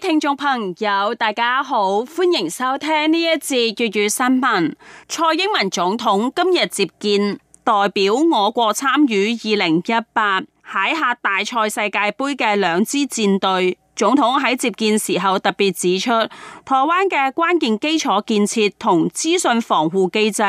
聽眾朋友，大家好，歡迎收聽呢一節粵語新聞。蔡英文總統今日接見代表我國參與二零一八黑客大賽世界杯嘅兩支戰隊。總統喺接見時候特別指出，台灣嘅關鍵基礎建設同資訊防護機制，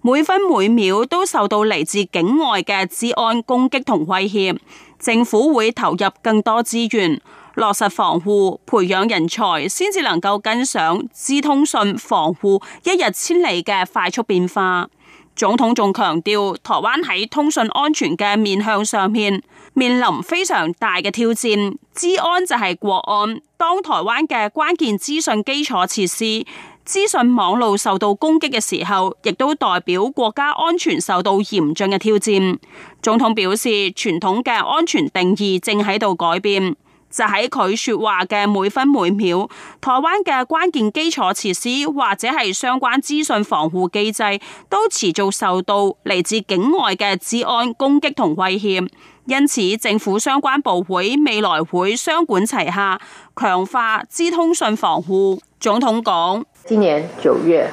每分每秒都受到嚟自境外嘅資安攻擊同威脅。政府會投入更多資源。落實防護，培養人才，先至能夠跟上資通訊防護一日千里嘅快速變化。總統仲強調，台灣喺通訊安全嘅面向上面面臨非常大嘅挑戰。資安就係國安，當台灣嘅關鍵資訊基礎設施、資訊網路受到攻擊嘅時候，亦都代表國家安全受到嚴峻嘅挑戰。總統表示，傳統嘅安全定義正喺度改變。就喺佢說話嘅每分每秒，台灣嘅關鍵基礎設施或者係相關資訊防護機制，都持續受到嚟自境外嘅資安攻擊同威脅。因此，政府相關部會未來會雙管齊下，強化資通訊防護。總統講：今年九月，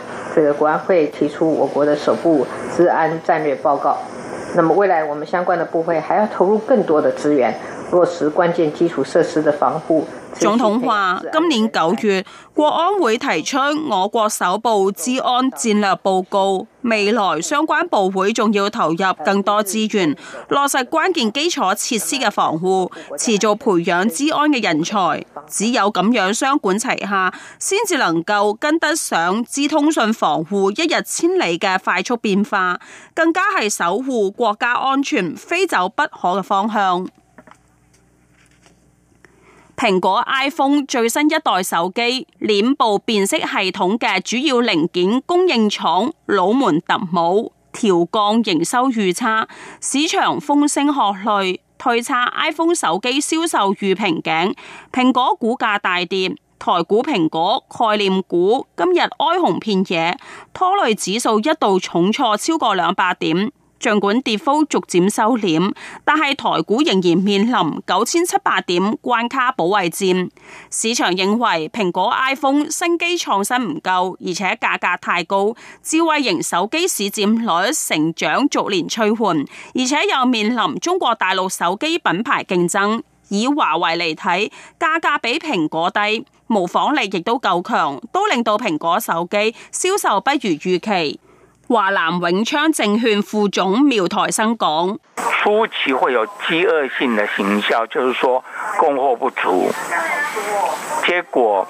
國安會提出我國的首部資安戰略報告。那麼未來我們相關的部會還要投入更多的資源。落實關鍵基礎設施嘅防護。總統話：今年九月，國安會提出我國首部資安戰略報告，未來相關部會仲要投入更多資源落實關鍵基礎設施嘅防護，持續培養資安嘅人才。只有咁樣雙管齊下，先至能夠跟得上資通訊防護一日千里嘅快速變化，更加係守護國家安全非走不可嘅方向。蘋果 iPhone 最新一代手機臉部辨識系統嘅主要零件供應廠老門特姆調降營收預測，市場風聲鶴唳，推測 iPhone 手機銷售遇瓶頸，蘋果股價大跌，台股蘋果概念股今日哀鴻遍野，拖累指數一度重挫超過兩百點。儘管跌幅逐漸收斂，但係台股仍然面臨九千七百點關卡保衛戰。市場認為蘋果 iPhone 新機創新唔夠，而且價格太高。智慧型手機市佔率成長逐年趨緩，而且又面臨中國大陸手機品牌競爭。以華為嚟睇，價格比蘋果低，模仿力亦都夠強，都令到蘋果手機銷售不如預期。華南永昌證券副總苗台生講：初期會有飢餓性嘅行銷，就是說供貨不足，結果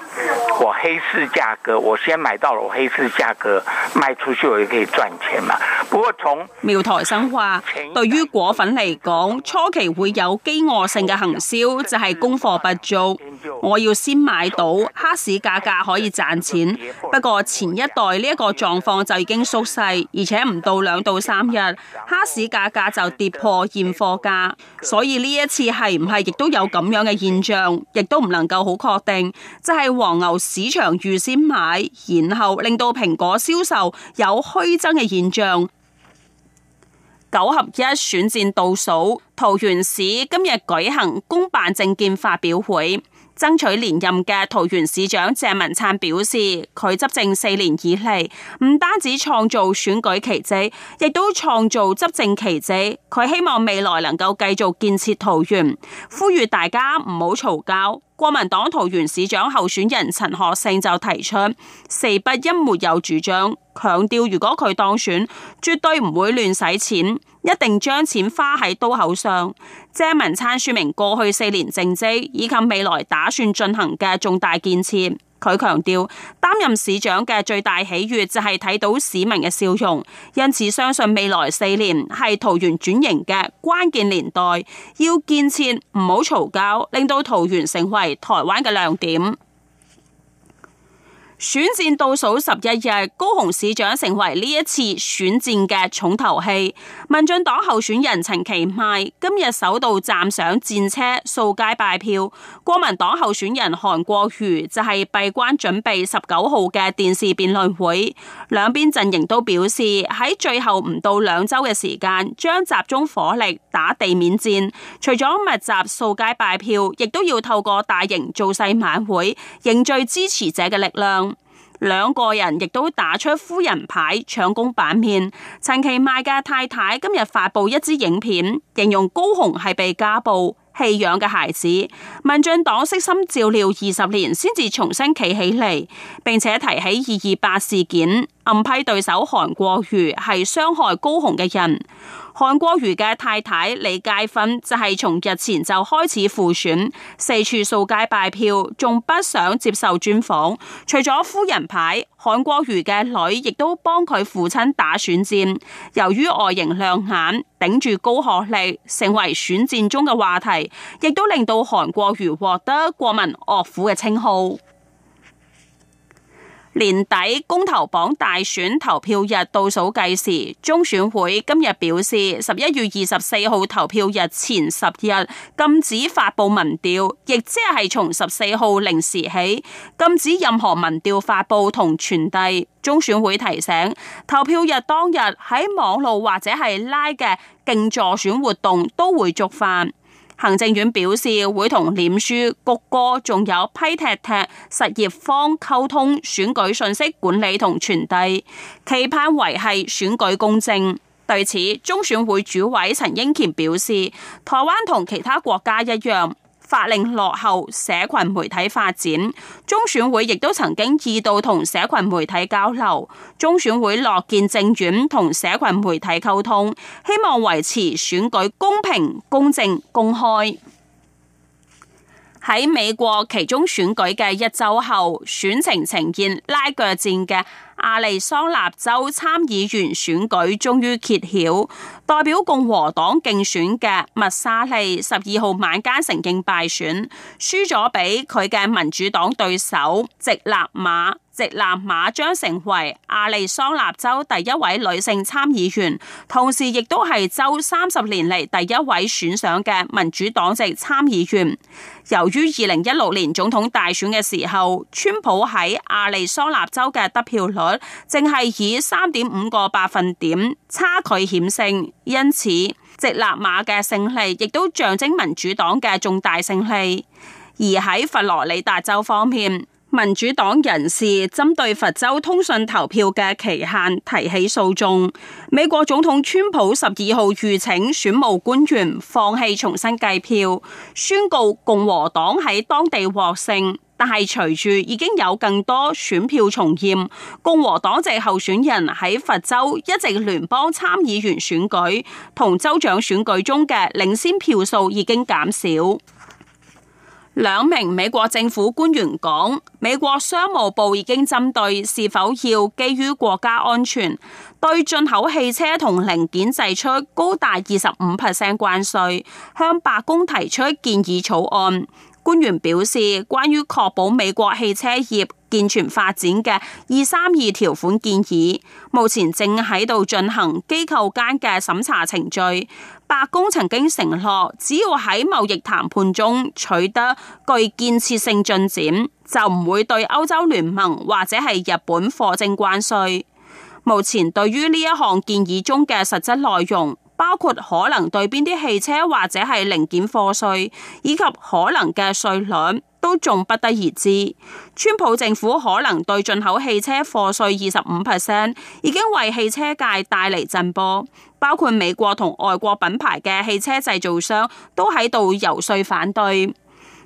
我黑市價格我先買到了，黑市價格賣出去我就可以賺錢嘛。不過，從苗台生話，對於果粉嚟講，初期會有飢餓性嘅行銷，就係供貨不足。我要先買到哈士價格可以賺錢，不過前一代呢一個狀況就已經縮細，而且唔到兩到三日，哈士價格就跌破現貨價，所以呢一次係唔係亦都有咁樣嘅現象，亦都唔能夠好確定，就係、是、黃牛市場預先買，然後令到蘋果銷售有虛增嘅現象。九合一選戰倒數，桃園市今日舉行公辦政見發表會。爭取連任嘅桃園市長鄭文燦表示，佢執政四年以嚟，唔單止創造選舉奇跡，亦都創造執政奇跡。佢希望未來能夠繼續建設桃園，呼籲大家唔好嘈交。國民黨桃園市長候選人陳學聖就提出四不一沒有主張，強調如果佢當選，絕對唔會亂使錢。一定將錢花喺刀口上。鄭文燦說明過去四年政績以及未來打算進行嘅重大建設。佢強調，擔任市長嘅最大喜悅就係睇到市民嘅笑容，因此相信未來四年係桃園轉型嘅關鍵年代，要建設唔好嘈交，令到桃園成為台灣嘅亮點。選戰倒數十一日，高雄市長成為呢一次選戰嘅重頭戲。民進黨候選人陳其邁今日首度站上戰車，掃街拜票。國民黨候選人韓國瑜就係閉關準備十九號嘅電視辯論會。兩邊陣營都表示喺最後唔到兩周嘅時間，將集中火力打地面戰。除咗密集掃街拜票，亦都要透過大型造勢晚會凝聚支持者嘅力量。兩個人亦都打出夫人牌搶攻版面。陳其邁嘅太太今日發布一支影片，形容高雄係被家暴棄養嘅孩子，民進黨悉心照料二十年先至重新企起嚟，並且提起二二八事件，暗批對手韓國瑜係傷害高雄嘅人。韓國瑜嘅太太李佳芬就係從日前就開始輔選，四處掃街拜票，仲不想接受專訪。除咗夫人牌，韓國瑜嘅女亦都幫佢父親打選戰。由於外形亮眼，頂住高學歷，成為選戰中嘅話題，亦都令到韓國瑜獲得國民岳父嘅稱號。年底公投綁大選投票日倒數計時，中選會今日表示，十一月二十四號投票日前十日禁止發布民調，亦即係從十四號零時起禁止任何民調發布同傳遞。中選會提醒，投票日當日喺網路或者係 Line 嘅競助選活動都會觸犯。行政院表示，會同臉書、谷歌仲有批踢踢實業方溝通選舉信息管理同傳遞，期盼維繫選舉公正。對此，中選會主委陳英鈐表示，台灣同其他國家一樣。法令落後，社群媒體發展，中選會亦都曾經二度同社群媒體交流。中選會樂見政院同社群媒體溝通，希望維持選舉公平、公正、公開。喺美國期中選舉嘅一周後，選情呈現拉鋸戰嘅。亞利桑納州參議員選舉終於揭曉，代表共和黨競選嘅麥莎莉十二號晚間承認敗選，輸咗俾佢嘅民主黨對手直納馬。直納馬將成為亞利桑納州第一位女性參議員，同時亦都係州三十年嚟第一位選上嘅民主黨籍參議員。由於二零一六年總統大選嘅時候，川普喺亞利桑那州嘅得票率淨係以三點五個百分點差距險勝，因此直立馬嘅勝利亦都象徵民主黨嘅重大勝利，而喺佛羅里達州方面。民主黨人士針對佛州通訊投票嘅期限提起訴訟。美國總統川普十二號籲請選務官員放棄重新計票，宣告共和黨喺當地獲勝。但係隨住已經有更多選票重驗，共和黨籍候選人喺佛州一席聯邦參議員選舉同州長選舉中嘅領先票數已經減少。兩名美國政府官員講，美國商務部已經針對是否要基於國家安全對進口汽車同零件製出高達二十五 percent 關稅，向白宮提出建議草案。官員表示，關於確保美國汽車業。健全發展嘅二三二條款建議，目前正喺度進行機構間嘅審查程序。白宮曾經承諾，只要喺貿易談判中取得具建設性進展，就唔會對歐洲聯盟或者係日本課徵關稅。目前對於呢一項建議中嘅實質內容，包括可能對邊啲汽車或者係零件課稅，以及可能嘅稅率。都仲不得而知，川普政府可能對進口汽車課稅二十五 percent，已經為汽車界帶嚟震波，包括美國同外國品牌嘅汽車製造商都喺度遊說反對。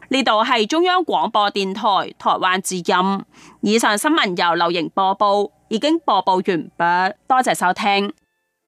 呢度係中央廣播電台台灣之音，以上新聞由劉瑩播報，已經播報完畢，多謝收聽。